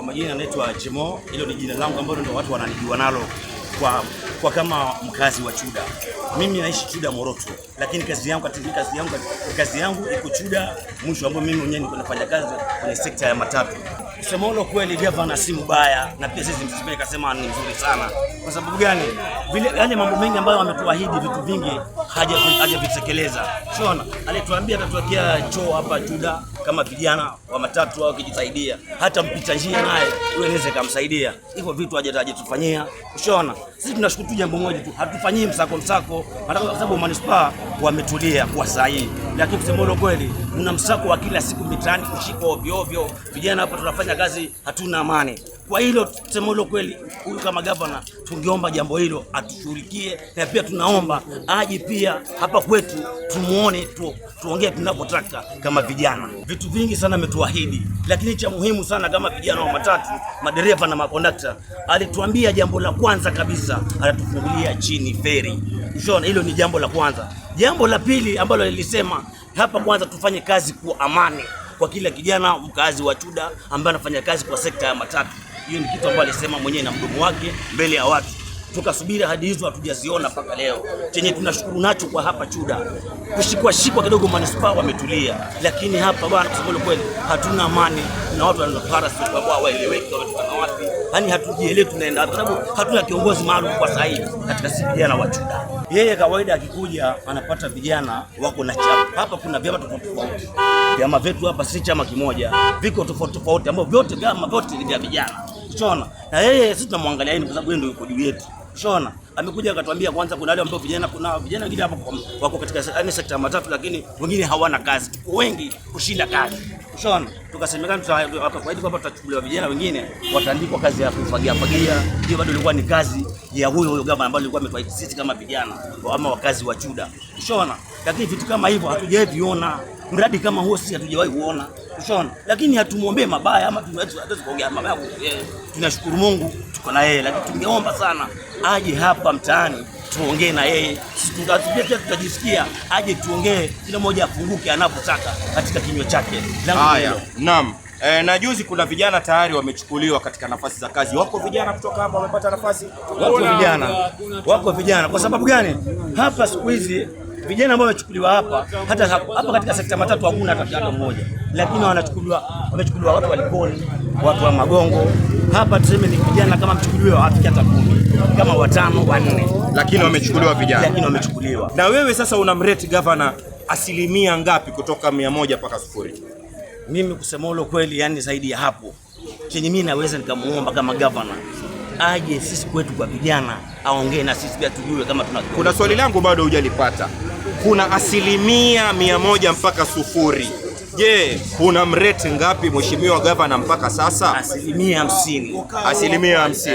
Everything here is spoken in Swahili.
kwa majina anaitwa Jimo, hilo ni jina langu ambalo ndio watu wananijua nalo kwa, kwa kama mkazi wa Chuda. Mimi naishi Chuda Moroto, lakini kazi yangu kazi yangu kazi yangu iko Chuda mwisho, ambapo mimi mwenyewe niko nafanya kazi kwenye sekta ya matatu. Semolo kweli, gavana si mbaya, na pia sisi msipele kasema ni mzuri sana. Kwa sababu gani? Vile yale mambo mengi ambayo wametuahidi vitu vingi hajavitekeleza. Haja, sio, alituambia atatuwekea choo hapa Chuda kama vijana wa matatu wao kijisaidia, hata mpita njia naye uweze kumsaidia. Hivyo vitu tufanyia, kushona. Sisi tunashukuru tu jambo moja tu, hatufanyii msako msako, kwa sababu manispaa wametulia kwa sahihi lakini kusema ule kweli, mna msako wa kila siku mitaani, kushikwa ovyo ovyo. Vijana hapa tunafanya kazi, hatuna amani. Kwa hilo tuseme ule kweli, huyu kama gavana, tungeomba jambo hilo atushughulikie, na pia tunaomba aje pia hapa kwetu tumuone tu, tuongee tunapotaka kama vijana. Vitu vingi sana ametuahidi, lakini cha muhimu sana kama vijana wa matatu, madereva na makondakta, alituambia jambo la kwanza kabisa, atatufungulia chini feri. Ushaona, hilo ni jambo la kwanza. Jambo la pili ambalo nilisema hapa, kwanza tufanye kazi kwa amani kwa kila kijana mkazi wa Chuda ambaye anafanya kazi kwa sekta ya matatu. Hiyo ni kitu ambacho alisema mwenyewe na mdomo wake mbele ya watu tukasubiri hadi hizo hatujaziona mpaka leo. Chenye tunashukuru nacho kwa hapa Chuda, kushikwa shikwa kidogo, manispaa wametulia, lakini hapa bwana, kusema kweli, hatuna amani na watu waeleweki, wametoka wapi? Yaani hatujielewi tunaenda kwa sababu hatuna kiongozi maalum kwa sasa hivi katika sisi vijana wa Chuda. Yeye kawaida akikuja anapata vijana wako na chama hapa, kuna vyama tofauti tofauti. Vyama vyetu hapa si chama kimoja, viko tofauti tofauti, ambao vyote vyama vyote ni vya vijana, unaona. Na yeye sisi tunamwangalia yeye, kwa sababu yeye ndio yuko juu yetu. Shona amekuja akatuambia, kwanza kuna wale ambao vijana, kuna vijana wengine hapo wako katika yaani sekta ya matatu, lakini wengine hawana kazi, wengi kushinda kazi. Shona tukasemekana hiyo kwamba tutachukuliwa vijana wengine wataandikwa kazi ya kufagia fagia, hiyo bado ilikuwa ni kazi ya huyo huyo gavana ambaye alikuwa imetuahidi sisi kama vijana ama wakazi wa Chuda. Shona, lakini vitu kama hivyo hatujaviona. viona mradi kama huo sisi hatujawahi kuona ushaona. lakini hatumwombee mabaya ama kuongea mabaya. Tunashukuru Mungu tuko na yeye, lakini tungeomba sana aje hapa mtaani tuongee na yeye, tutajisikia aje tuongee, kila mmoja afunguke anapotaka katika kinywa chake. Haya, naam. E, na juzi kuna vijana tayari wamechukuliwa katika nafasi za kazi. Wako vijana kutoka hapa wamepata nafasi, wako vijana, wako vijana. Kwa sababu gani? Hapa siku hizi vijana ambao wamechukuliwa hapa, hata hapa katika sekta matatu hakuna hata kijana mmoja, lakini wanachukuliwa, wamechukuliwa watu wa Likoni, watu wa Magongo. Hapa tuseme ni vijana kama mchukuliwe hawafiki hata kumi, kama watano wanne, lakini wamechukuliwa vijana, lakini wamechukuliwa. Na wewe sasa unamrate governor asilimia ngapi kutoka mia moja mpaka sufuri? Mimi kusema ulo kweli, yani zaidi ya hapo chenye mimi naweza nikamuomba kama governor aje sisi kwetu kwa vijana aongee na sisi pia tujue kama tuna. Kuna swali langu bado hujalipata kuna asilimia mia moja mpaka sufuri. Je, kuna mrate ngapi mheshimiwa gavana mpaka sasa? Asilimia hamsini. Asilimia hamsini.